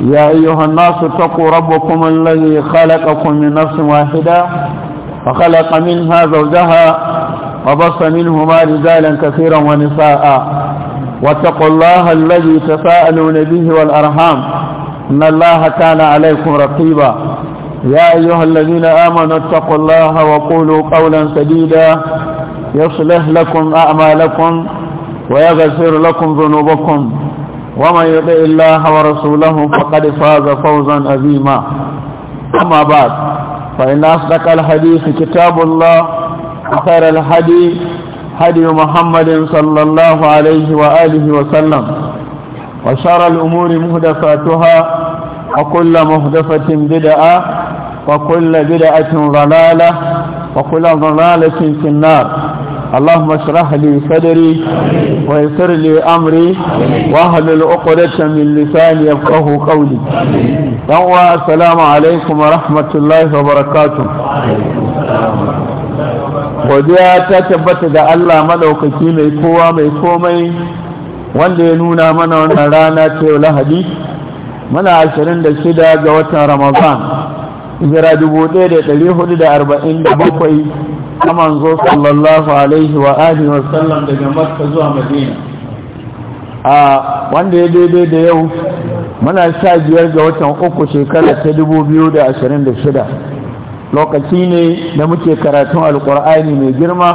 يا أيها الناس اتقوا ربكم الذي خلقكم من نفس واحدة وخلق منها زوجها وبص منهما رجالا كثيرا ونساء واتقوا الله الذي تساءلون به والأرحام إن الله كان عليكم رقيبا يا أيها الذين آمنوا اتقوا الله وقولوا قولا سديدا يصلح لكم أعمالكم ويغفر لكم ذنوبكم ومن يطع الله ورسوله فقد فاز فوزا عظيما أما بعد فإن أصدق الحديث كتاب الله وخير الحديث هدي محمد صلى الله عليه وآله وسلم وشر الأمور مهدفاتها وكل مهدفة بدعة وكل بدعة ضلالة وكل ضلالة في النار اللهم اشرح لي صدري ويسر لي امري واحلل عقدة من لساني يفقهوا قولي السلام عليكم ورحمه الله وبركاته godiya ta tabbata da Allah maɗaukaki mai kowa mai komai wanda ya nuna mana wannan rana ta yau lahadi muna shida ga watan ramadan hijira bakwai. na manzo sallallahu alaihi wa alihi wa sallam daga makka zuwa madina a wanda ya daidai da yau muna sha biyar ga watan uku shekarar ta dubu biyu da ashirin da shida lokaci ne da muke karatun alkur'ani mai girma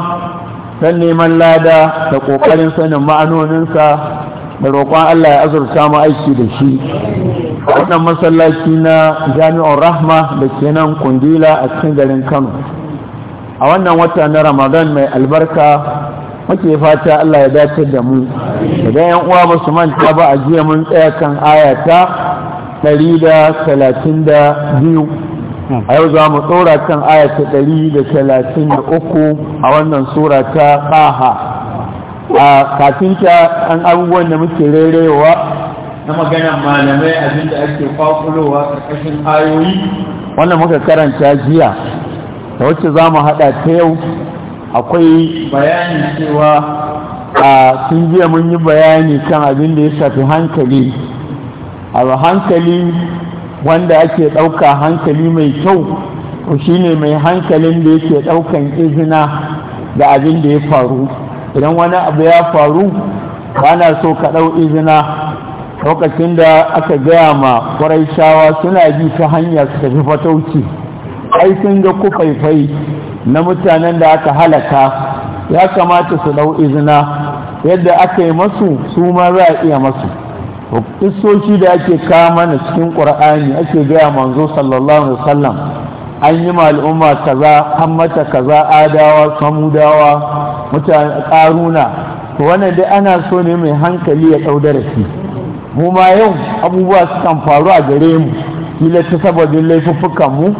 don neman lada da ƙoƙarin sanin ma'anoninsa da roƙon Allah ya azurta mu aiki da shi wannan masallaci na jami'ar rahma da ke nan kundila a cikin garin kano a wannan wata na ramadan mai albarka muke fata Allah ya dace da mu idan yan uwa ba su manta ba a jiya mun tsaya kan ayata 132 a yau za mu tsora kan ayata 133 a wannan sura ta ƙaha a kafin ta an abubuwan da muke rerewa na maganan malamai abinda ake kwakulowa ƙarƙashin ayoyi wannan muka karanta jiya da wacce za mu haɗa ta yau akwai bayani cewa a tun jiya mun yi bayani kan abin da ya shafi hankali a hankali wanda ake ɗauka hankali mai kyau to shine mai hankalin da yake ɗaukan izina da abin da ya faru idan wani abu ya faru ba na so ka ɗau izina lokacin da aka gaya ma ƙwarai suna ji ta hanya su tafi fatauci ai sun ga kufaifai na mutanen da aka halaka ya kamata su dau izina yadda aka yi masu su ma za a iya masu isoci da ake kama na cikin ƙur'ani ake gaya manzo sallallahu alaihi wasallam an yi al'umma kaza an kaza adawa samudawa mutane ƙaruna to wannan dai ana so ne mai hankali ya ɗau darasi mu ma yau abubuwa sukan faru a gare mu kila ta saboda laifuffukan mu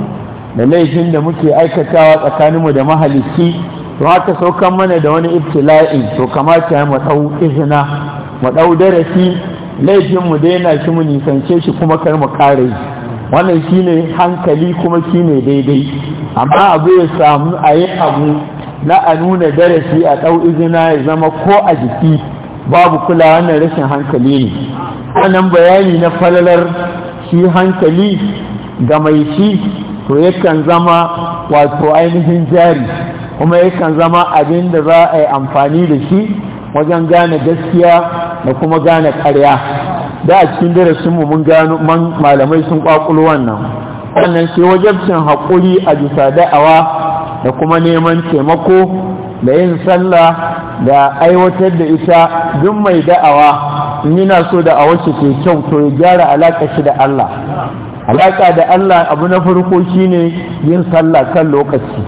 da laifin da muke aikatawa tsakaninmu da mahalicci to haka saukan mana da wani ibtila'in to kamata ya matsau izina matsau darasi laifin mu daina shi mu nisance shi kuma kar mu kare wannan shine hankali kuma shine daidai amma abu ya samu a yi abu na a nuna darasi a ɗau izina ya zama ko a jiki babu kula wannan rashin hankali ne wannan bayani na falalar shi hankali ga mai shi to yakan zama wato ainihin jari kuma yakan zama abin da za a yi amfani da shi wajen gane gaskiya da kuma gane ƙarya da a cikin darasinmu mun gano malamai sun kwakulu wannan wannan sai wajabcin haƙuri a bisa da'awa da kuma neman taimako da yin sallah da aiwatar da ita duk mai da'awa in yana so da a wace ke kyau to ya gyara alaƙa shi da Allah alaƙa da Allah abu na farko shine yin sallah kan lokaci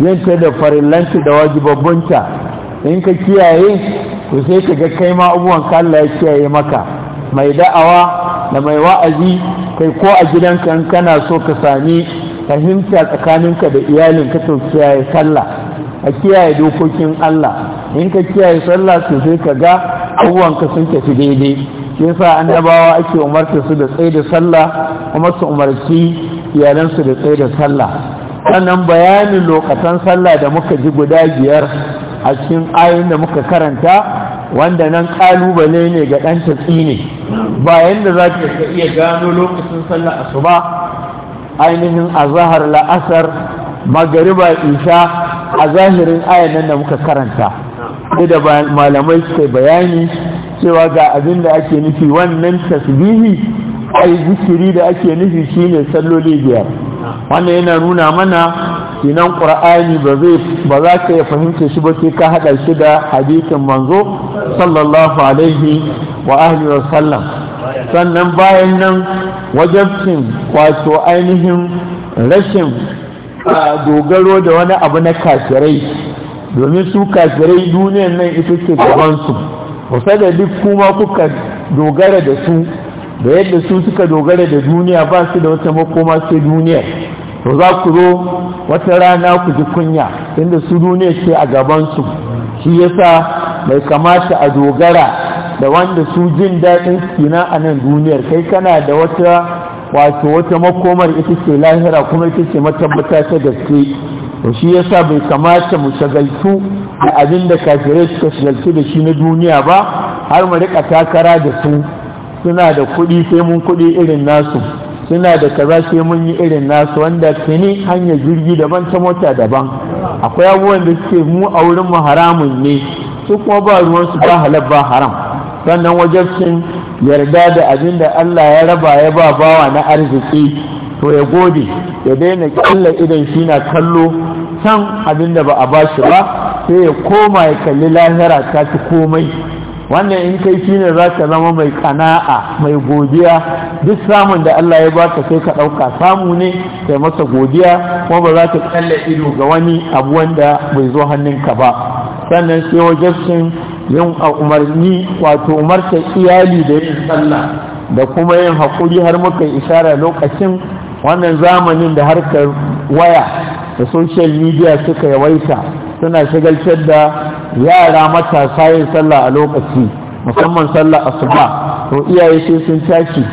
yin ta da farillanci da wajibabbunta in ka kiyaye to sai ka ga kai ma abubuwan Allah ya kiyaye maka mai da'awa da mai wa'azi kai ko a gidanka in kana so ka sami fahimta tsakaninka da ka to kiyaye sallah a kiyaye dokokin Allah in ka kiyaye sallah to sai ka ga abubuwanka sun tafi daidai shi yasa annabawa ake umarta su da tsaye da sallah kuma su umarci iyalansu da tsaye da sallah sannan bayanin lokacin sallah da muka ji guda biyar a cikin ayoyin da muka karanta wanda nan kalubale ne ga ɗan tatsi ne bayan da za ka iya gano lokacin sallah asuba ainihin azahar la'asar magariba isha a zahirin ayoyin da muka karanta da malamai suka bayani cewa ga abin da ake nufi wannan tasbihi ai zikiri da ake nufi shine salloli biyar wannan yana nuna mana sinan qur'ani ba zai ba za ka fahimce shi ba sai ka hada shi da hadisin manzo sallallahu alaihi wa ahli wa sallam sannan bayan nan wajabcin wato ainihin rashin dogaro da wani abu na kafirai domin su kafirai duniyan nan ita ce gabansu kusa da duk kuma kuka dogara da su da yadda su suka dogara da duniya ba su da wata makoma sai duniya to za ku zo wata rana ku ji kunya inda su duniya ce a gabansu shi yasa bai kamata a dogara da wanda su jin daɗin kina a nan duniyar kai kana da wata wato wata makomar ita ce lahira kuma ita ce matabbata ta gaske to shi yasa bai kamata mu shagaltu da abin da kafirai suka shigarci da shi na duniya ba har mu rika takara da su suna da kuɗi sai mun kuɗi irin nasu suna da kaza sai mun yi irin nasu wanda kini hanyar jirgi daban ta mota daban akwai abubuwan da suke mu a wurin mu haramun ne su kuma ba su ba halal ba haram sannan wajen wajabcin yarda da abin da Allah ya raba ya ba bawa na arziki to ya gode ya daina kalla idan shi na kallo can abin da ba a bashi ba sai ya koma ya kalli lahira ta fi komai wannan in kai shi ne za ka zama mai kana'a mai godiya duk samun da Allah ya baka sai ka ɗauka samu ne kai masa godiya kuma ba za ka tsalle ido ga wani abu wanda bai zo ka ba sannan sai wajen yin umarni wato umarta iyali da yin sallah da kuma yin haƙuri har muka isara lokacin wannan zamanin da harkar waya da social media suka yawaita suna shagaltar da yara matasa yin sallah a lokaci musamman sallah asuba to iyaye sai sun tashi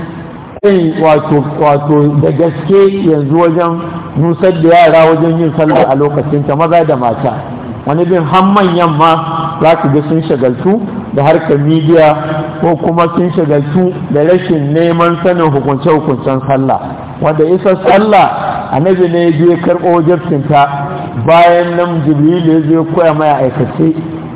yin wato wato da gaske yanzu wajen nusar da yara wajen yin sallah a lokacin ta maza da mata wani bin har manyan ma za ga sun shagaltu da harkar midiya ko kuma sun shagaltu da rashin neman sanin hukunce-hukuncen sallah wanda isa sallah annabi ne ya je karɓo jirkinta bayan nan jibrilu ya zo koya mai aikace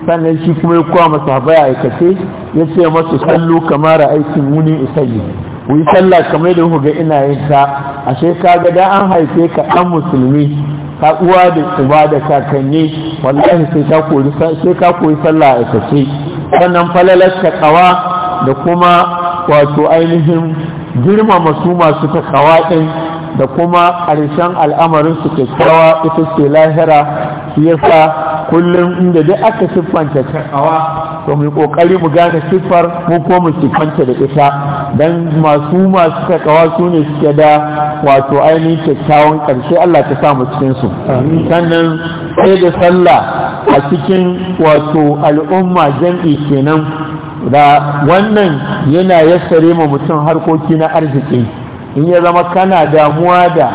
sannan shi kuma ya koya masa habaya aikace ya ce masu sallu kamar aikin wuni isayi wuyi sallah kamar da ga ina yin ta ashe ka ga da an haife ka ɗan musulmi ka uwa da uba da kakanni wallahi sai ka koyi sai ka koyi sallah aikace sannan falalar kawa da kuma wato ainihin girma masu masu ta kawa din da kuma ƙarshen al'amarin su kyakkyawa ita ce lahira siyasa yasa kullum inda dai aka siffanta kyakkyawa to mu kokari mu gane siffar mu ko mu siffanta da ita dan masu masu kyakkyawa su ne suke da wato ainihin kyakkyawan ƙarshe Allah ta mu cikin su sannan sai da sallah a cikin wato al'umma jam'i kenan da wannan yana yassare ma mutum harkoki na arziki in ya zama kana damuwa da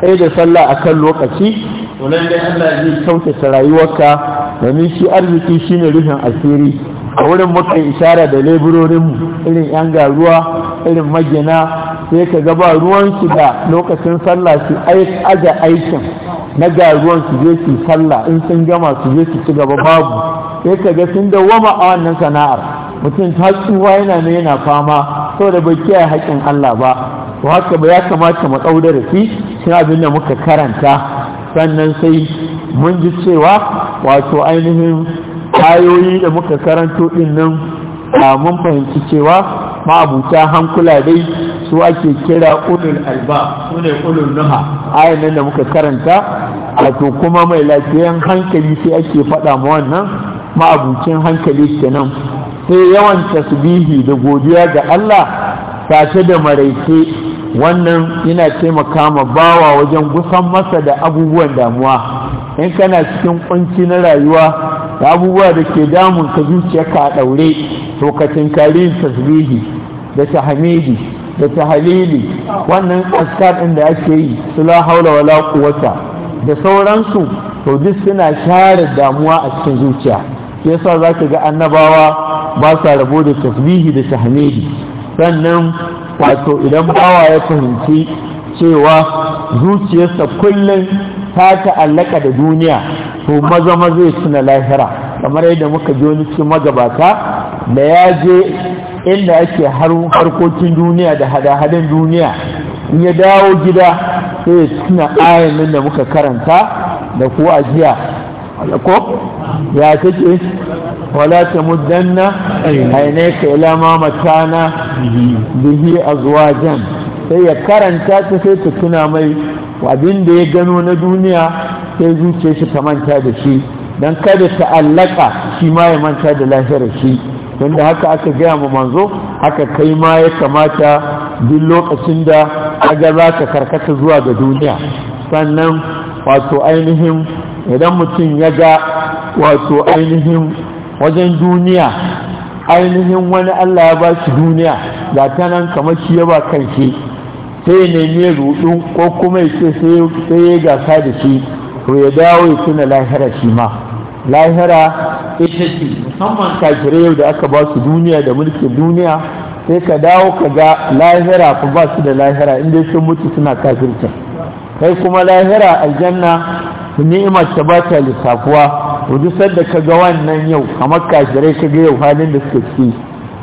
sai da sallah a kan lokaci wannan nan dai Allah zai kyautata rayuwarka domin shi arziki shine rufin asiri a wurin muka isara da leburorinmu irin yan garuwa irin magina sai ka gaba ruwan shi da lokacin sallah su aja aikin na garuwan su je su sallah in sun gama su je su ci gaba babu sai ka ga sun dawwama a wannan sana'ar mutum ta tsuwa yana ne yana fama saboda bai kiyaye haƙƙin Allah ba to haka ba ya kamata mu ɗau da shi abin da muka karanta sannan sai mun ji cewa wato ainihin ayoyi da muka karanto ɗin nan mun fahimci cewa ma'abuta hankula dai su ake kira ulul alba su ne ulul nuha ayan nan da muka karanta wato kuma mai lafiyan hankali sai ake faɗa ma wannan ma'abucin hankali kenan sai yawan tasbihi da godiya ga Allah sace da maraice wannan yana taimaka ma bawa wajen gusan masa da abubuwan damuwa in kana cikin kunci na rayuwa da abubuwa da ke damun ka zuciyarka a daure to ka tinkari tasbihi da tahmidi da tahlili wannan askar din da ake yi sula haula wala quwwata da sauransu to duk suna share damuwa a cikin zuciya yasa zaka ga annabawa ba sa rabo da tasbihi da tahmidi sannan wato idan bawa ya fahimci cewa zuciyarsa kullum ta ta'allaka da duniya to maza maza tuna lahira kamar yadda muka ji wani cikin magabata da ya je inda ake harkokin duniya da hada-hadan duniya in ya dawo gida sai ya tuna ayyamin da muka karanta da ko ajiya ko ya take wala ta muddanna ainihin ka ila ma matana bihi azwajan sai ya karanta ta sai ta tuna mai abin da ya gano na duniya sai zuce shi ta manta da shi dan kada ta allaka shi ma ya manta da lahirar shi wanda haka aka gaya ma manzo haka kai ma ya kamata duk lokacin da aga za ka karkata zuwa ga duniya sannan wato ainihin idan mutum ya ga wato ainihin wajen duniya ainihin wani Allah ya ba shi duniya ga ta nan kamar shi ya ba kanshi sai ya nemi rudu ko kuma ya ce sai ya gasa da shi to ya dawo ya tuna lahira shi ma lahira ita ce musamman kafirai yau da aka ba su duniya da mulkin duniya sai ka dawo ka ga lahira ku ba su da lahira inda sun mutu suna kafircin kai kuma lahira aljanna ni'imar ta ba ta lissafuwa duk sadda ka ga wannan yau kamar kashirai ka ga yau halin da suke ciki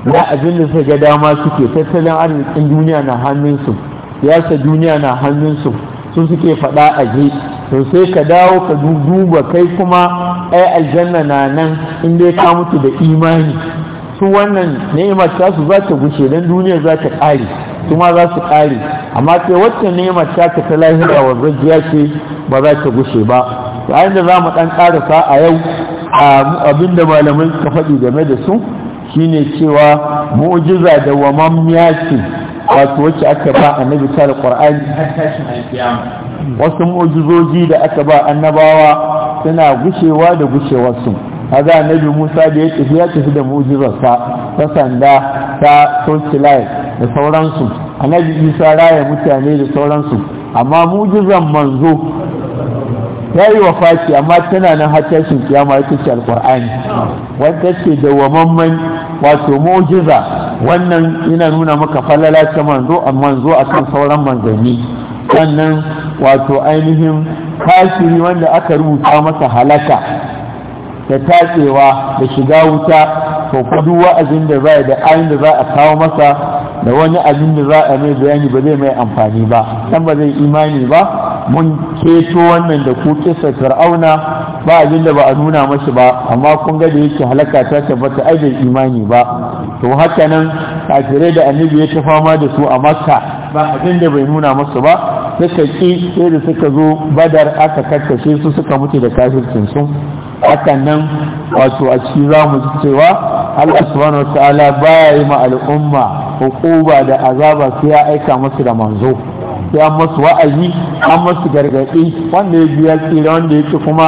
na abin da suka ga dama suke tattalin arzikin duniya na hannunsu siyasa duniya na hannunsu su suke faɗa a je to sai ka dawo ka duba kai kuma ai aljanna na nan in dai ka mutu da imani su wannan ni'imar su za ta gushe dan duniya za ta ƙare su ma za su ƙare amma sai wacce ni'imar ta ta ta lahira wa zajiya ce ba za ta gushe ba bayan da za mu ɗan ƙarasa a yau abin da malamai suka faɗi game da su shine cewa mu'jiza da wamammiya ce wato wacce aka ba annabi ta da qur'ani wasu mu'jizoji da aka ba annabawa suna gushewa da gushewarsu kaga annabi Musa da ya tafi ya tafi da mu'jizarsa ta sanda ta torchlight da sauransu annabi Isa raya mutane da sauransu amma mu'jizan manzo ya yi wa faki amma tana nan hatashin kiyama ya ce alƙur'ani wanda ce wato mu'jiza wannan ina nuna maka falala ta manzo a manzo akan sauran manzanni sannan wato ainihin kasiri wanda aka rubuta masa halaka da tatsewa da shiga wuta to duk wa'azin da za da ayin da za a kawo masa da wani abin da za a mai bayani ba zai mai amfani ba san ba zai imani ba mun keto wannan da ku kisa fir'auna ba abin da ba a nuna mashi ba amma kun ga da yake halaka ta tabbata ai bai imani ba to haka nan kafire da annabi ya ta fama da su a makka ba abin da bai nuna masu ba suka ki sai da suka zo badar aka kakkashe su suka mutu da kafircin su haka nan wato a cikin za mu cewa Allah subhanahu wa ta'ala baya yi ma al'umma hukuba da azaba sai ya aika musu da manzo sai an musu wa'azi an masu gargaɗi wanda ya biya tsira wanda ya ci kuma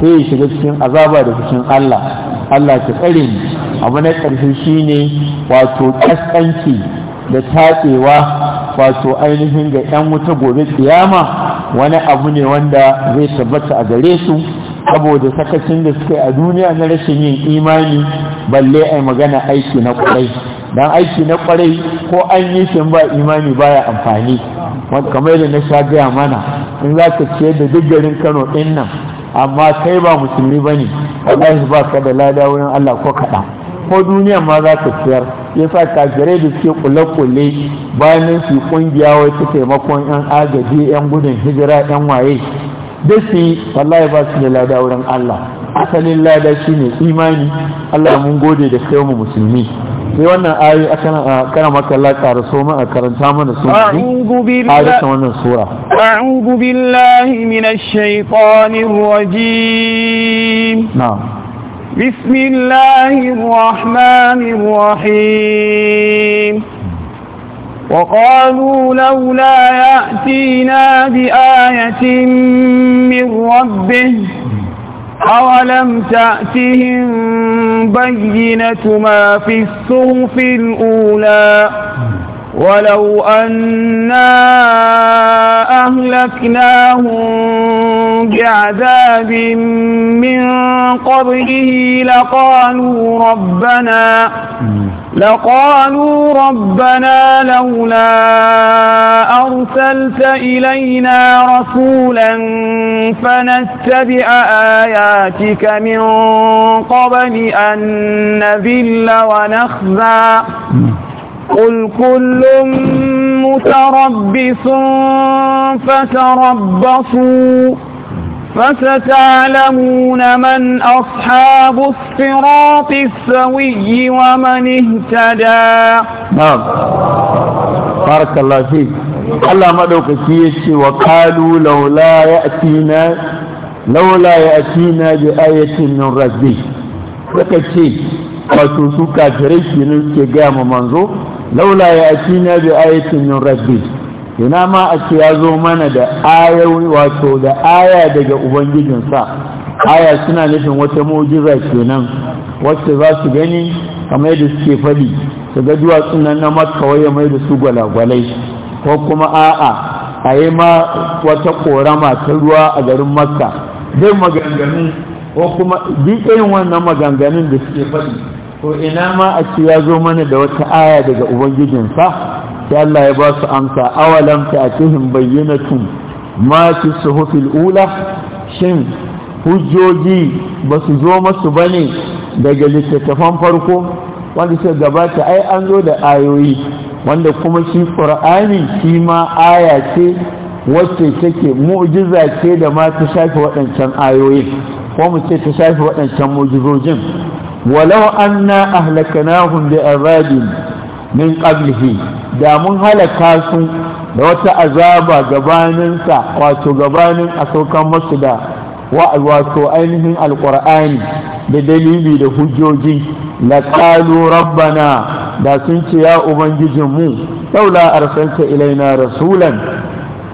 sai ya shiga cikin azaba da cikin Allah Allah ta tsare ni abu na ƙarshe shine wato kaskanci da tatsewa wato ainihin ga 'yan wuta gobe ɗiyama, wani abu ne wanda zai tabbata a gare su saboda sakacin da suke a duniya na rashin yin imani balle ai magana aiki na kwarai dan aiki na kwarai ko an yi shi ba imani baya amfani kamar da na sha gaya mana in za ka ciyar da duk garin kano ɗin nan amma kai ba musulmi ba ne wallahi ba ka da lada wurin allah ko kaɗa ko duniya ma za ka ciyar ya sa gare da suke kule-kule bayan su ƙungiya wai taimakon 'yan agaji 'yan gudun hijira 'yan waye da su wallahi ba su da lada wurin Allah asalin lada shine imani Allah mun gode da kai mu musulmi sai wannan ayi akan kana maka Allah ƙara so mu a karanta mana su a'udhu billahi wannan sura a'udhu billahi minash shaitanir rajim na'am بسم الله الرحمن الرحيم وقالوا لولا يأتينا بآية من ربه أولم تأتهم بينة ما في الصوف الأولى ولو أنا أهلكناهم بعذاب من قبله لقالوا ربنا لقالوا ربنا لولا أرسلت إلينا رسولا فنتبع آياتك من قبل أن نذل ونخزى قل كل متربص فتربصوا فستعلمون من أصحاب الصراط السوي ومن اهتدى نعم بارك الله فيك الله دوك سيشي وقالوا لولا يأتينا لولا يأتينا بآية من ربه suka فتوسوكا wato su kafirai laula ya ci na bi ayatin min rabbi ina ma a ce ya zo mana da ayoyi wato da aya daga ubangijinsa aya suna nufin wata mu'jiza kenan wacce za su gani kamar yadda suke faɗi su ga duwatsun nan na makka waye mai da su gwalagwalai ko kuma a'a a yi ma wata korama ta ruwa a garin makka zai maganganu ko kuma irin wannan maganganun da suke faɗi to ina ma a ce ya zo mana da wata aya daga ubangijinsa sai Allah ya ba su amsa awalam ta cikin bayyanatun ma fi suhufil ula shin hujjoji ba su zo masu ba ne daga littattafan farko wanda suka gabata ai an zo da ayoyi wanda kuma shi qur'ani shi ma aya ce wacce take mu'jiza ce da ma ta shafi waɗancan ayoyin ko mu ce ta shafi waɗancan mu'jizojin walau anna ahlakanahum bi azabin min da mun halaka su da wata azaba gabaninsa wato gabanin a saukan masu da wato ainihin alkur'ani da dalili da hujjoji la qalu rabbana da sun ce ya ubangijinmu laula arsalta ilaina rasulan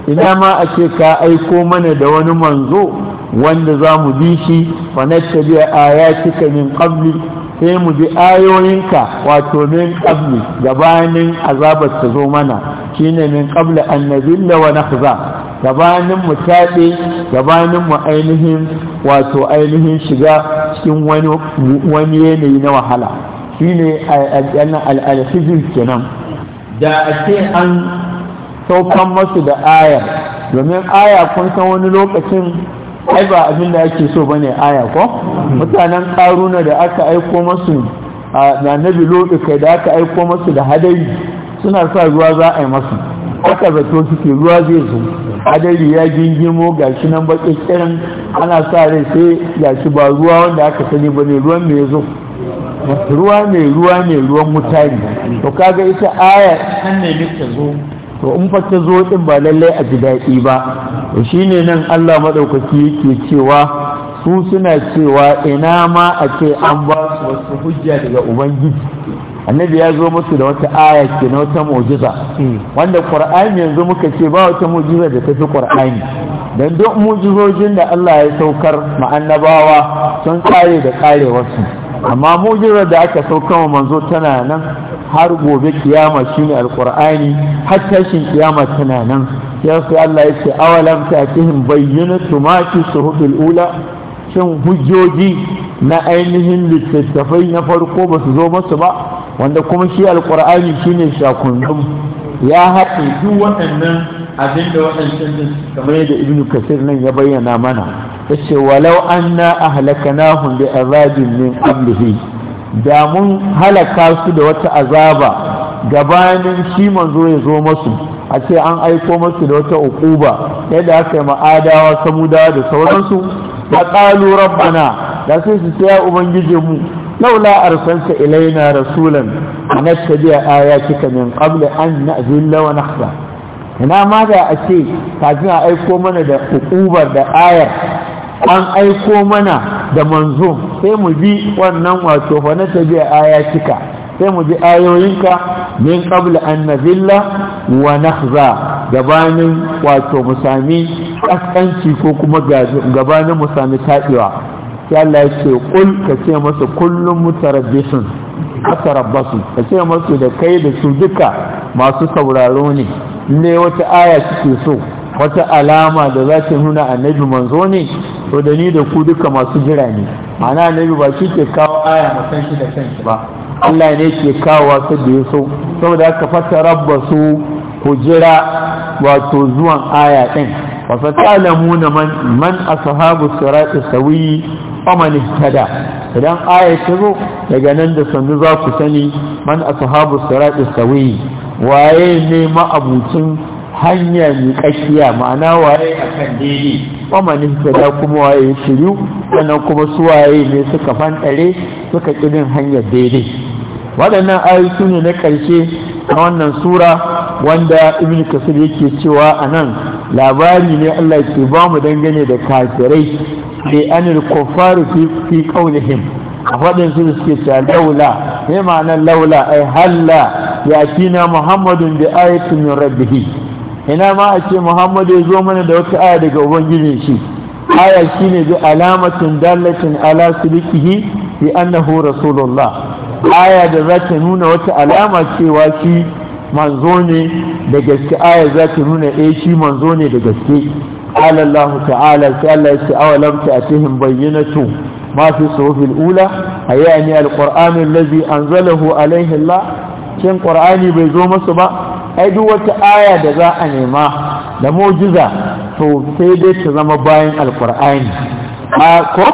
ina ma a ce ka aiko mana da wani manzo wanda za mu bi shi fa nattabi ayatika min qabli sai mu bi ayoyinka wato min qabli gabanin azabar ta zo mana shine min qabli annabilla wa nakhza gabanin mu tabe gabanin mu ainihin wato ainihin shiga cikin wani wani yanayi na wahala shine al-al-hijr kenan da ake an saukan masu da ayar domin aya kun san wani lokacin ai ba abin da ake so bane aya ko mutanen karuna da aka aiko masu na nabi lodi kai da aka aiko masu da hadari suna sa ruwa za a yi masu aka zato suke ruwa zai zo hadari ya gingimo gashi nan baki kirin ana sa rai sai shi ba ruwa wanda aka sani bane ruwan mai zo ruwa mai ruwa mai ruwan mutane to kaga ita aya an ne zo to in fa ta zo din ba lallai a ji daɗi ba to shine nan Allah madaukaki yake cewa su suna cewa ina ma a ce an ba su wasu hujja daga ubangiji annabi ya zo musu da wata aya ke na wata mu'jiza wanda qur'ani yanzu muka ce ba wata mu'jiza da tafi qur'ani dan duk mu'jizojin da Allah ya saukar ma annabawa sun kare da karewarsu amma mujirar da aka sauka wa manzo tana nan har gobe kiyama shine alqur'ani har tashin kiyama tana nan ya sai Allah ya ce awalam ta'tihim bayyinatu ma fi suhufil ula shin hujjoji na ainihin littattafai na farko ba su zo masu ba wanda kuma shi alqur'ani shine shakundum ya haɗe duk waɗannan abinda waɗancan kamar yadda ibn kasir nan ya bayyana mana ya ce walau anna ahlakanahum bi azabin min qablihi da mun halaka su da wata azaba gabanin shi manzo ya zo masu a ce an aiko masu da wata uquba yadda aka yi ma'adawa samudawa da sauransu da qalu rabbana da sai su ce ya ubangije mu laula arsalta ilaina rasulan nattabi'a ayatika min qabli an na'zilla wa nahsa ina ma da a ce kafin a aiko mana da hukubar da ayar an aiko mana da manzo sai mu ji wannan wato fa na tabi'a aya cika sai mu ji ayoyinka min qabla an nazilla wa nakhza gabanin wato mu sami kaskanci ko kuma gabanin mu sami taɗewa sai Allah ya ce kul ka ce masa kullum mutarabbisun atarabbasu ka ce masa da kai da su duka masu sauraro ne ne wata aya suke so wata alama da za ta nuna annabi manzo ne to da ni da ku duka masu jira ne ma'ana annabi ba shi ke kawo aya masan shi da kanshi ba Allah ne ke kawo wasu da ya so saboda aka fata rabba su ku jira wato zuwan aya ɗin wa fatalamuna man man ashabu sirati sawi faman ihtada idan aya ta zo daga nan da sannu za ku sani man ashabu sirati sawi waye ne ma'abucin hanya mai kashiya ma'ana waye a kan daidai ta da kuma waye shiryu sannan kuma su waye ne suka fantare suka ƙirin hanyar daidai waɗannan ayyuki ne na ƙarshe na wannan sura wanda ibn kasir yake cewa anan? labari ne allah ke ba mu dangane da kafirai da anil kuffar fi qaulihim a faɗin su suke cewa laula ne ma'anar laula ai halla ya na muhammadun bi ayatin min rabbihi ina ma a ce muhammadu ya zo mana da wata aya daga ubangiji shi aya shine bi alamatin dallatin ala sidiqihi bi annahu rasulullah aya da zata nuna wata alama cewa shi manzo ne da gaske aya za ta nuna eh shi manzo ne da gaske qala allah ta'ala sai allah ya ce awalam ta'tihim bayyinatu ما في الصحف الأولى أيامي القران الذي انزله عليه الله كان بي زو با اي دو كم قرآني بيزوم الصبا أدوة آية دزاء نما لموجزة فسيدة تزم باين القران ا كو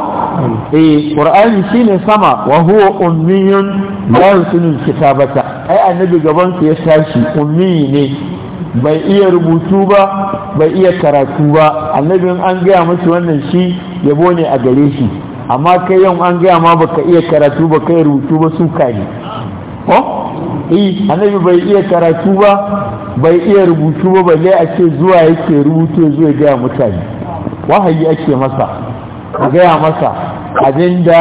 اي قران في السماء وهو أمي لا يسن الكتابة أي النبي سي ساشي امي ني bai iya rubutu ba bai iya karatu ba annabin an gaya masa wannan shi yabo ne a gare shi amma kai yau an gaya ma baka iya karatu ba kai rubutu ba suka ne ko eh annabi bai iya karatu ba bai iya rubutu ba balle a ce zuwa yake rubutu zai gaya mutane wahayi ake masa a gaya masa abinda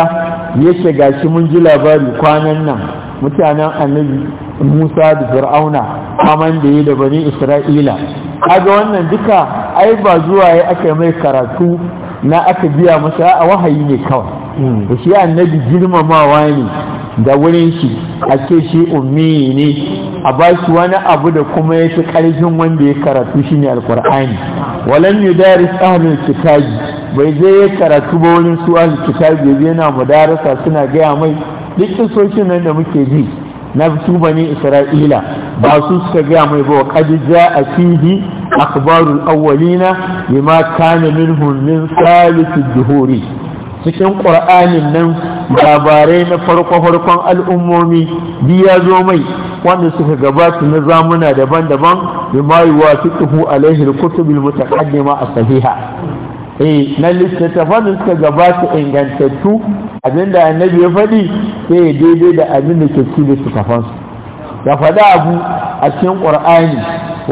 yake gashi mun ji labari kwanan nan mutanen annabi musa da fir'auna kaman da ya da bani isra'ila kaga wannan duka ai ba zuwa ya aka mai karatu na aka biya masa a wahayi ne kawai da hmm. shi annabi girmamawa ne da wurin shi a ce shi ummi ne a ba shi wani abu da kuma ya fi ƙarfin wanda ya karatu shi ne alkur'ani walan yi dari tsarin kitabi bai zai ya karatu ba wani su ahalin kitabi yana mudarasa suna gaya mai duk kisoshin nan da muke ji na su bani isra'ila ba su suka gaya mai ba qad jaa fihi akhbarul awwalina bima kana minhum min salisi duhuri cikin qur'anin nan labarai na farko farkon al'ummomi biya zo mai wanda suka gabata na zamuna daban-daban bima yuwafiquhu alaihi al-kutub kutubil mutaqaddima as-sahiha eh na littattafan da suka gabata ingantattu abinda annabi ya faɗi sai ya daidai da abinda ke su littattafan su ya faɗi abu a cikin ƙur'ani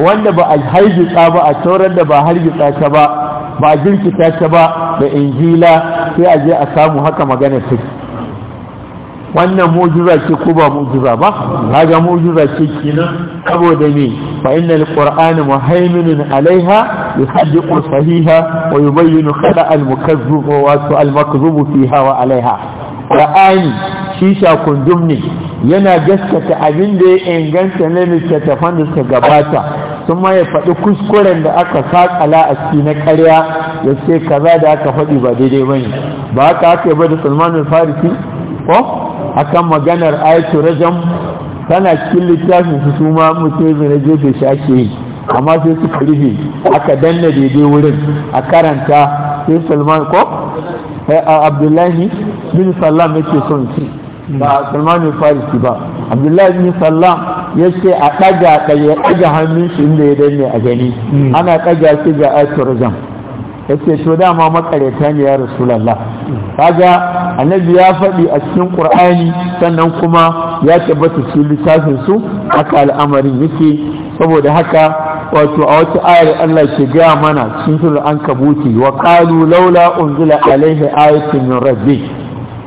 wanda ba a hargitsa ba a taurar da ba hargitsa ta ba ba a jirkita ta ba da injila sai a je a samu haka magana take wannan mujiza ce ko ba mujiza ba kaga mujiza ce kenan saboda ne fa innal qur'ana muhaiminun alaiha yusaddiqu sahiha wa yubayyinu khada al mukazzib wa al makzub fiha wa alaiha qur'ani shi sha kundum ne yana gaskata abin da ya inganta na ta da gabata sun ma ya faɗi kuskuren da aka sakala a ciki na ƙarya ya ce kaza da aka faɗi ba daidai ba ne ba haka aka yi ba da salmanin farisi ko akan maganar ayatu rajam tana cikin littafin su suma mutum na jefe shi ake amma sai suka rufe aka danna daidai wurin a karanta sai salman ko eh, abdullahi bin sallam yake son su ba salman su ba abdullahi bin sallam ya ce a ɗaga ɗaya ɗaga hannun shi inda ya danne a gani hmm. ana ɗaga shi ga ayatu rajam yake to dama makareta ne ya rasulullah kaga annabi ya faɗi a cikin qur'ani sannan kuma ya tabbata shi littafin su haka al'amarin yake saboda haka wato a wata ayar Allah ke gaya mana cikin sura an kabuti wa qalu laula unzila alaihi ayatun min rabbi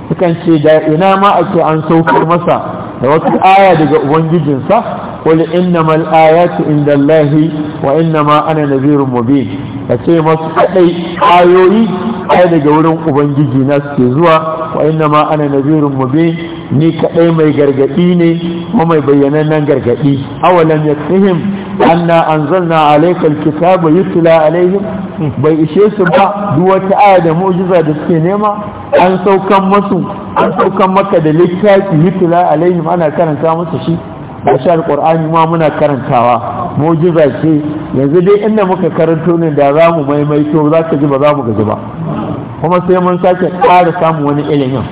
sukan ce da ina ma ake an saukar masa da wata aya daga ubangijinsa qul innamal inda lahi? wa innama ana nadhirun mubin ka ce masu kaɗai ayoyi ai daga wurin ubangiji na suke zuwa wa inna ma ana nazirun mubin ni kadai mai gargaɗi ne kuma mai bayyanannen gargaɗi awalan yakfihim anna anzalna alayka alkitaba yutla alaihim bai ishe su ba duk wata aya da mu'jiza da suke nema an saukan masu an saukan maka da littafi yutla alaihim ana karanta musu shi a shi alƙur'ani ma muna karantawa mujiza ce yanzu dai inda muka karanto ne da za mu maimaito za ka ji ba za mu gaji ba kuma sai mun sake ƙara samun wani ilimin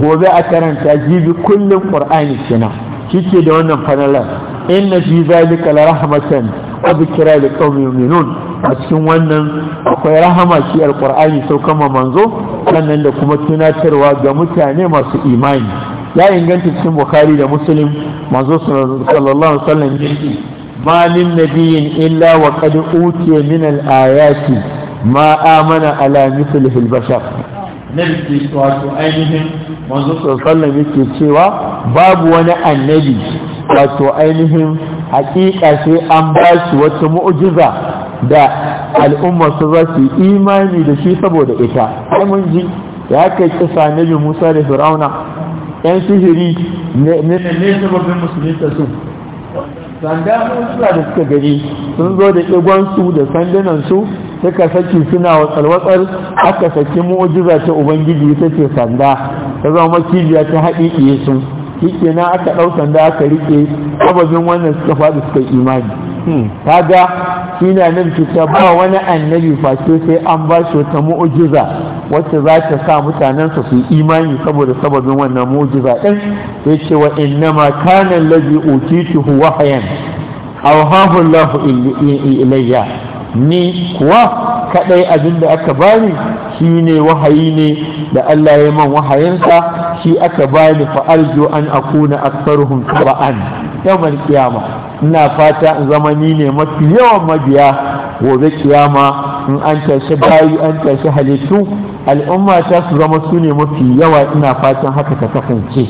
gobe a karanta jibi kullum ƙur'ani kenan kike da wannan fanalar inna fi zalika la rahmatan wa dhikra liqaumin yu'minun a cikin wannan akwai rahama shi sau saukan manzo sannan da kuma tunatarwa ga mutane masu imani ya inganta cikin bukhari da muslim manzo sallallahu alaihi wasallam yake ma min nabiyyin illa wa qad utiya min al-ayati ma amana ala mithlihi al-bashar nabi wato ainihin manzo sallallahu alaihi wasallam yake cewa babu wani annabi wato ainihin hakika sai an ba shi wata mu'jiza da al'umma su za su imani da shi saboda ita ai mun ji ya kai kisa nabi Musa da Fir'auna yan sihiri ne sababin musulunta su sanda suna da suka gari sun zo da igonsu da sandunansu suka saki suna watsar-watsar aka saki mu'ujiza ta ubangiji ita ce sanda ta zama makijiya ta haɗiɗiye su shi aka ɗau sanda aka riƙe sababin wannan suka faɗi suka imani Hmm. kaga shi na nan cuta ba wani annabi face sai an ba shi wata mu'ujiza wacce za ta sa mutanensa su imani saboda sababin wannan mu'ujiza ɗin sai ce wa inna ma kana lazi utituhu wahayan awhahu Allah ilayya ni kuwa kadai abin da aka bani shine wahayi ne da Allah ya man wahayinsa shi aka bani fa arju an akuna aktharuhum taba'an yawmal qiyamah ina fata in zama ni ne mafi yawan mabiya gobe kiyama in an tashi bayi an tashi halittu al'umma ta su zama su ne mafi yawa ina fatan haka ta kasance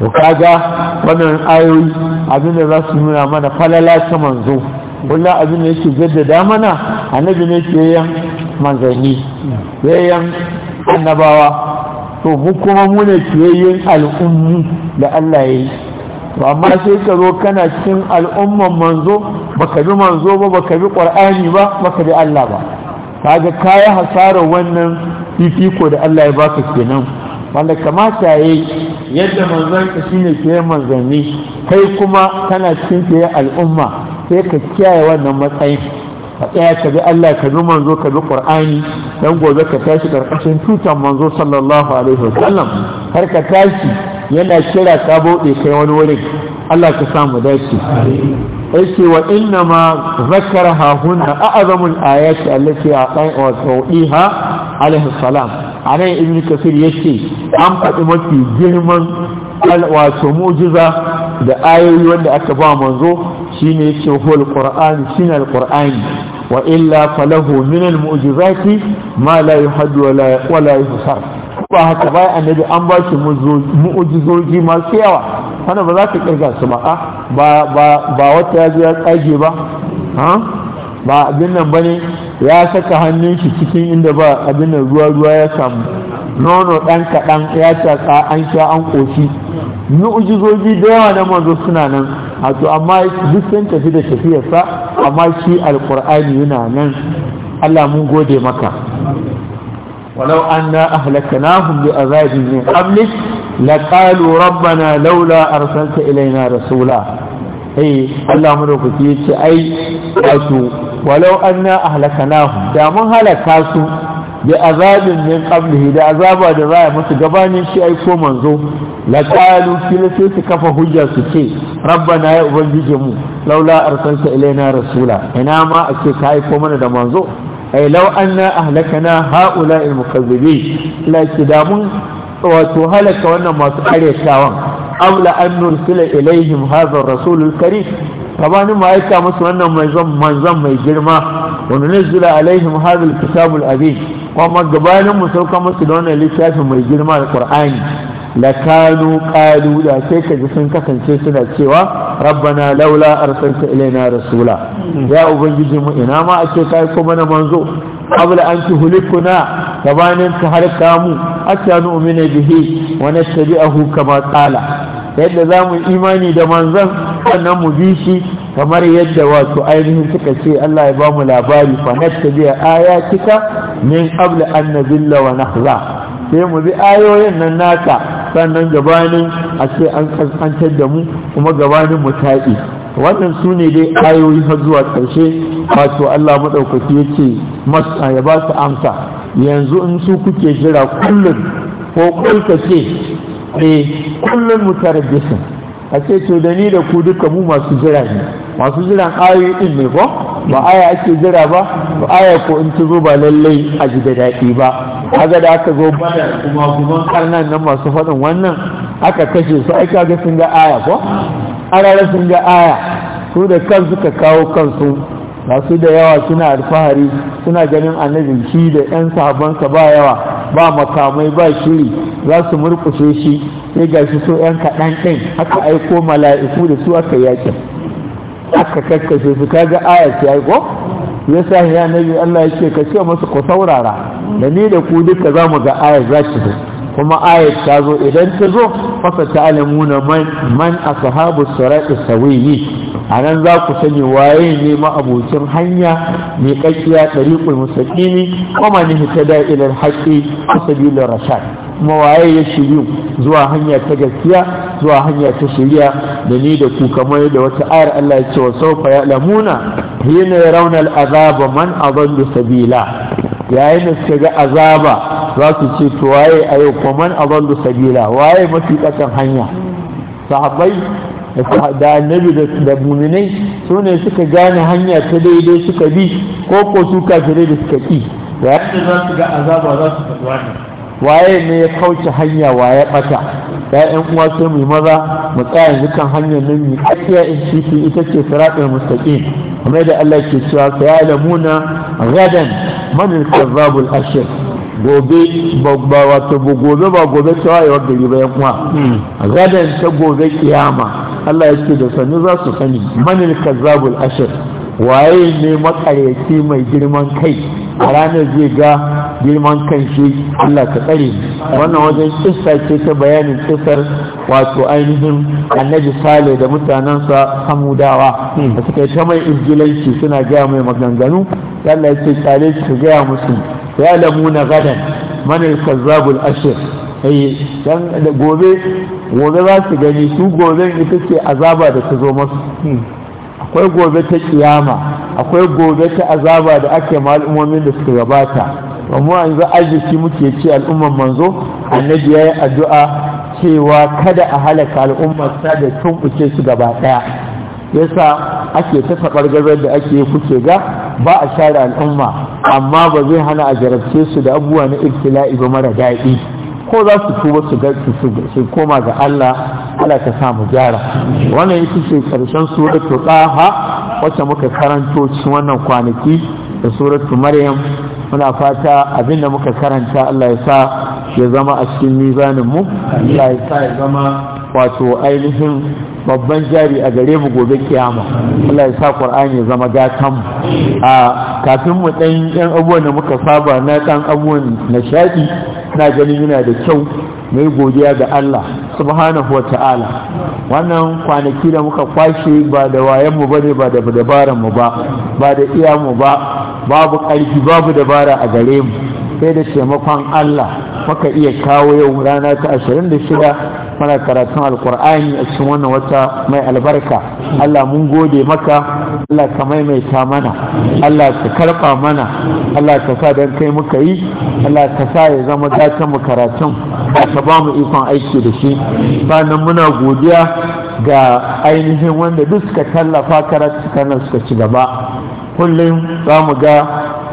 to kaga wannan ayoyi abin da za su nuna mana falala ta manzo kullum abin da yake jaddada mana annabi ne ke yan manzanni yayan annabawa to mu kuma mu ne ke yin al'ummu da Allah ya yi to amma sai ka zo kana cikin al'umman manzo baka bi manzo ba baka bi qur'ani ba baka bi Allah ba kaga kayi hasarar wannan fifiko da Allah ya baka kenan wanda kamata yayi yadda manzon ka shine ke manzanni kai kuma kana cikin ke al'umma sai ka kiyaye wannan matsayin ka tsaya ka bi Allah ka bi manzo ka bi Qur'ani dan gobe ka tashi karkashin tutan manzo sallallahu alaihi wasallam har ka tashi yana kira ka bude kai wani wurin Allah ka samu dace yake wa inna ma zakara hahunna a'zamul ayati allati aqa'a wa tawdiha alaihi salam anan ibn kasir yace an faɗi mafi girman wato mu'jiza da ayoyi wanda aka ba manzo shine yake hul qur'an shine alqur'an wa illa falahu min almu'jizati ma la yuhaddu wa la yusar ba haka baya annabi an ba shi mu'jizoji masu yawa wanda ba za ka kirga su ah, ba ba ba wata ya zo ya tsage ba ha ba abin nan bane ya saka hannun shi cikin inda ba abin nan ruwa ruwa ya samu nono dan kadan ya tsaka an sha an koshi mu'jizoji da yawa na manzo suna nan wato amma duk sun tafi da tafiyarsa amma shi alqur'ani yana nan Allah mun gode maka walau anna ahlakanahum bi azabin min qablik laqalu rabbana laula arsalta ilaina rasula eh Allah mu dauki yace ai wato walau da mun halaka su bi azabin min qablihi da azaba da za a musu gabanin shi ai ko manzo la qalu kila sai su kafa hujja su ce rabbana ya ubangije mu laula arsalta ilaina rasula ina ma a ce ka aiko mana da manzo ai law anna ahlakana haula al mukazzibin la kidamun wato halaka wannan masu aryatawan abla an nursila ilaihim hadha rasulul karim gabanin ma aika musu wannan manzon mai girma Wannan nunzila alaihim hadha al kitabul abin kuma gabanin mu sauka musu da wannan littafin mai girma da qur'ani lakanu qalu da sai sun kasance suna cewa rabbana laula arsalta ilaina rasula ya ubangiji mu ina ma ake kai kuma na manzo qabla an tuhlikuna gabanin ka harka mu hatta nu'mina bihi wa nattabi'ahu kama qala yadda zamu imani da manzon sannan mu bi shi kamar yadda wato ainihin suka ce Allah ya ba mu labari fa nattabi'a ayatika min ƙabla an nazilla wa sai mu bi ayoyin nan naka sannan gabanin a ce an kaskantar da mu kuma gabanin mu taɗi wannan su ne dai ayoyi har zuwa ƙarshe wato Allah maɗaukaki ya ce ya ba su amsa yanzu in su kuke jira kullum ko kulka ce eh kullum mutarabbisin a ce to da ni da ku duka mu masu jira ne masu jiran ayoyi din ne ba ba aya ake jira ba ba aya ko in ta zo ba lallai a ji da daɗi ba kaga da aka zo ba da kuma kuma karnan nan masu faɗin wannan aka kashe su ai kaga sun ga aya ko arara sun ga aya su da kan suka kawo kansu masu da yawa suna alfahari suna ganin annabin shi da 'yan ka ba yawa ba makamai ba shiri za su murƙushe shi sai ga shi so 'yan kaɗan ɗin aka aiko mala'iku da su aka yakin aka kakkashe su kaga ayat ya yi ko ya sa ya nabi Allah ya ce ka ce musu ku saurara da ni da ku duka za mu ga ayat za ki zo kuma ayat ta zo idan ta zo fasa ta alamuna man man ashabu sirati sawiyi anan za ku sani waye ne ma'abocin hanya mai kakkiya tariqul mustaqimi kuma ni hitada ila al-haqqi sabilur rashad kuma waye ya shiryu zuwa hanya ta gaskiya zuwa hanya ta shirya da ni da ku kamar da wata ayar Allah ya ce wa saufa ya lamuna hina ya rauna al'azaba man adallu sabila yayin da suka ga azaba za su ce to waye a yau ko man adallu sabila waye mafi kasan hanya sahabbai da annabi da muminai su ne suka gane hanya ta daidai suka bi ko ko su kafirai da suka ki da yadda za su ga azaba za su faɗi wannan waye ne ya kauce hanya waye bata ya'yan uwa sai mu maza mu tsaya yanzu kan hanyar nan mu akiya in titi ita ce siratul mustaqim kamar da Allah ke cewa sayalamuna gadan man al-kazzabul ashir gobe ba wato gobe ba gobe ta waye wadda gaba ƴan uwa hmm. gadan ta gobe kiyama Allah ya ce da sani za su sani man al-kazzabul ashir waye ne makareci mai girman kai a ranar zai ga girman kan shi Allah ka tsare wannan wajen kissa ce ta bayanin kissar wato ainihin annabi sale da mutanen samudawa da suka yi ta mai injilanci suna gaya mai maganganu Allah ya ce tsare ga gaya musu ya lamuna gadan al kazzabul ashir eh, dan gobe gobe za su gani su gobe ita ce azaba da ta zo masu akwai gobe ta kiyama akwai gobe ta azaba da ake ma al'ummomin da suka gabata amma yanzu arziki muke ce al'umman manzo annabi yayi addu'a cewa kada a halaka al'ummar ta da tumbuce su gaba daya yasa ake ta gazar da ake kuke ga ba a share al'umma amma ba zai hana a jarabce su da abubuwa na ibtila'i ba mara daɗi ko za su tuba su su koma ga Allah Allah ka sa mu gyara wannan ita ce karshen suratu qaha wacce muka karanto cikin wannan kwanaki da suratu maryam muna fata abin da muka karanta Allah ya sa ya zama a cikin mizanin mu Allah ya sa ya zama wato ainihin babban jari a gare mu gobe kiyama Allah ya sa Qur'ani ya zama gatan a kafin mu dan yan abuwan da muka saba na dan abuwan nishadi na ganin yana da kyau mai godiya ga Allah subhanahu wa ta'ala wannan kwanaki da muka kwashe ba da wayanmu ba ne ba da dabaranmu ba ba da iyamu ba babu ƙarfi babu dabara a gare mu sai da taimakon Allah muka iya kawo yau rana ta 26 mana karatun alkur'ani a cikin wannan wata mai albarka Allah mun gode maka Allah ka maimaita mana Allah ka karba mana Allah ka sa dan kai muka yi Allah ka sa ya zama gatan mu karatun ka ba mu ikon aiki da shi sannan muna godiya ga ainihin wanda duk suka tallafa karatu suka ci gaba kullum za mu ga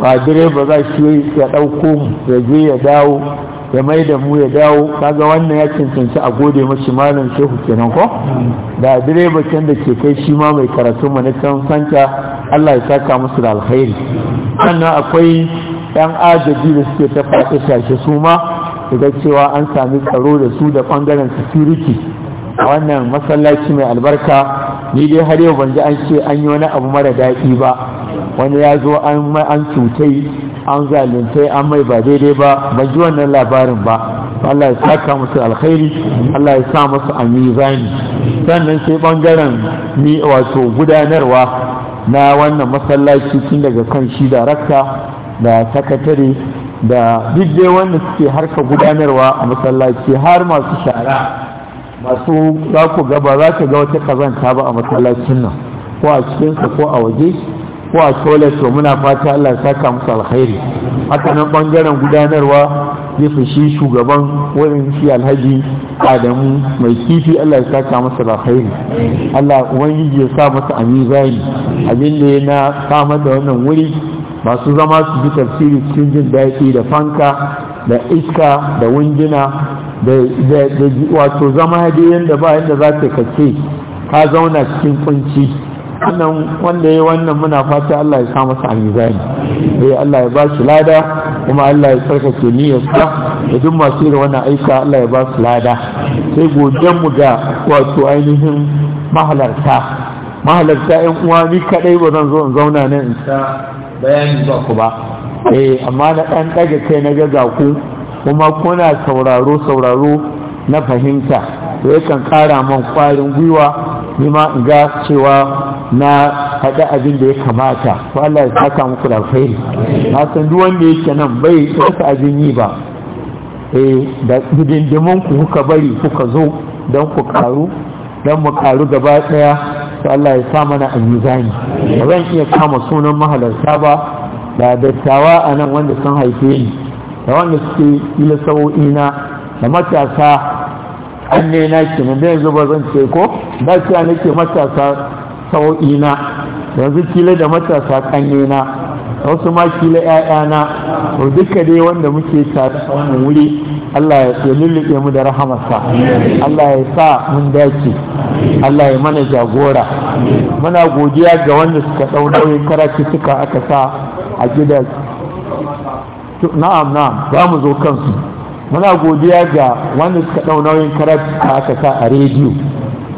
ba direba za shi ya ɗauko mu ya je ya dawo ya mai da mu ya dawo kaga wannan ya cancanci a gode mashi malam shehu kenan ko da direba can da ke kai shi ma mai karatu mu na can santa Allah ya saka musu da alkhairi sannan akwai yan agaji da suke ta faɗi shashe su ma daga cewa an sami tsaro da su da ɓangaren security a wannan masallaci mai albarka ni dai har yau ban ji an ce an yi wani abu mara daɗi ba wani ya zo an cutai an zalunta an mai ba daidai ba ban ji wannan labarin ba Allah ya saka musu alkhairi Allah ya sa musu amizani sannan sai bangaren ni wato gudanarwa na wannan masallaci tun daga kan shi da darakta da sakatare da duk dai wanda suke harka gudanarwa a masallaci har masu shara masu za ku gaba za ka ga wata kazanta ba a masallacin nan ko a cikinsa ko a waje ko a solato muna fata Allah ya saka musu alkhairi haka nan bangaren gudanarwa ya fushi shugaban wurin shi alhaji adamu mai kifi Allah ya saka masa alkhairi Allah ubangiji ya sa masa amizani abin da ya na kama da wannan wuri masu zama su bi tafsiri cikin jin daɗi da fanka da iska da winduna da wato zama hadiyan da ba yadda za ka kace ka zauna cikin kunci wannan wanda ya wannan muna fata Allah ya sa masa amizani eh Allah ya ba shi lada kuma Allah ya sarkake niyyarsa da duk masu da wannan aika Allah ya ba su lada sai godiyar mu ga wato ainihin mahalarta mahalarta yan uwa ni kadai ba zan zo in zauna nan in ta bayani ba ku ba eh amma na dan daga kai na ga ku kuma kuna sauraro sauraro na fahimta to yakan kara man kwarin gwiwa nima in ga cewa na haɗa abin da ya kamata ko Allah ya saka muku da alkhairi na san duk wanda yake nan bai rasa abin yi ba eh da hidindimin ku kuka bari kuka zo don ku karu dan mu karu gaba ɗaya to Allah ya sa mana a mizani zan iya kama sunan mahalarta ba da dattawa a nan wanda sun haife ni da wanda suke ila sa'o'ina da matasa an ne na kenan da yanzu ba zan ce ko da nake matasa sa'o'ina yanzu kila da matasa kanyena wasu ma kila 'ya'yana to duka dai wanda muke tare a wannan wuri Allah ya ce mu da rahamarsa Allah ya sa mun dace Allah ya mana jagora muna godiya ga wanda suka ɗau nauyin karatu suka aka sa a gida na'am na'am za mu zo kansu muna godiya ga wanda suka ɗau nauyin karatu aka sa a rediyo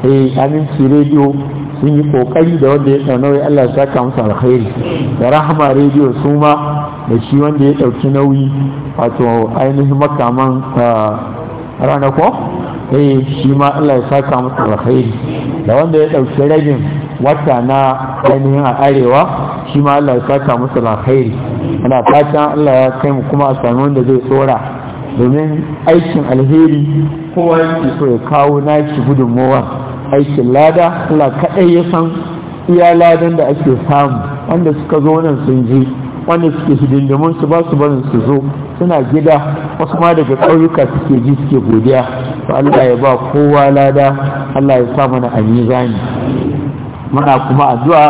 eh aminci rediyo sun yi kokari da wanda ya ɗau nauyi Allah ya ka musu alkhairi da rahama rediyo su ma da shi wanda ya ɗauki nauyi wato ainihin makaman ranako eh shi ma Allah ya ka musu alkhairi da wanda ya ɗauki ragin wata na ainihin a arewa shi ma Allah ya ka musu alkhairi ana fatan Allah ya kai mu kuma a sami wanda zai tsora domin aikin alheri kowa so ya kawo nashi gudunmowa aikin lada Allah kaɗai ya san iya ladan da ake samu wanda suka zo nan sun ji wanda suke hidindimin su ba su barin su zo suna gida wasu ma daga ƙauyuka suke ji suke godiya to Allah ya ba kowa lada Allah ya sa mana a mizani muna kuma addu'a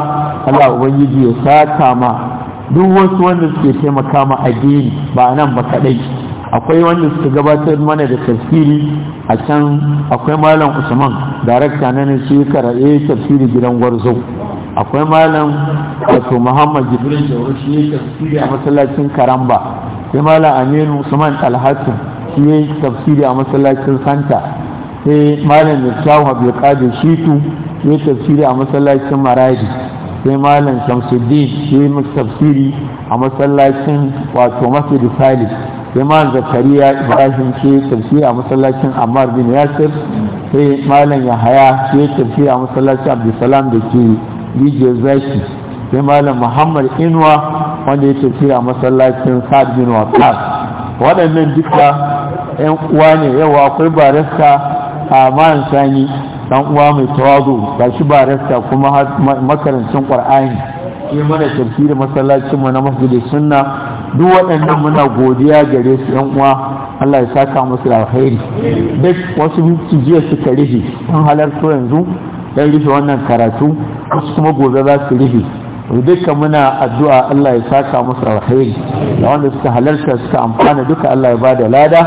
Allah ubangiji ya saka ma duk wasu wanda suke taimaka ma addini ba nan ba kaɗai akwai wanda suka gabatar mana da tafsiri a can akwai malam usman darakta na ne yi karaye tafsiri gidan gwarzo akwai malam wato muhammad jibril jauro shi yi tafsiri a masallacin karamba sai malam aminu usman alhassan shi yi tafsiri a masallacin santa sai malam yattahu abdulkadir shitu yi tafsiri a masallacin maradi sai malam shamsuddin shi yi tafsiri a masallacin wato masu salih imam zakariya ibrahim ce tafsiri a masallacin ammar bin yasir sai malam yahaya ce tafsiri a masallacin abdulsalam da ke rijiyar zaki sai malam muhammad inuwa wanda ya tafsiri a masallacin sa'ad bin waɗannan duka yan uwa ne yawa akwai barista a malam sani dan uwa mai tawazu shi barasta kuma makarancin qur'ani shi mana tafsiri masallacin mu na masjidin sunna duk waɗannan muna godiya gare su yan uwa Allah ya saka musu alkhairi duk wasu jiya suka rufe sun halarta yanzu dan rufe wannan karatu wasu kuma gobe za su rufe dukkan muna addu'a Allah ya saka musu alkhairi da wanda suka halarta suka amfana duka Allah ya bada lada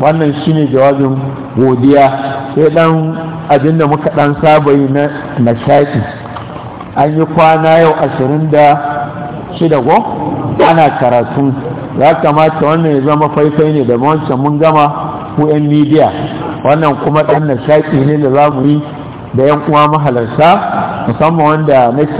wannan shine jawabin godiya sai dan abin da muka dan saba yi na nashaki an yi kwana yau ashirin da shida go ana karatu ya kamata wannan ya zama faifai ne da wancan mun gama ku 'yan midiya wannan kuma ɗan na shaƙi ne da za mu yi da 'yan uwa mahalarsa musamman wanda na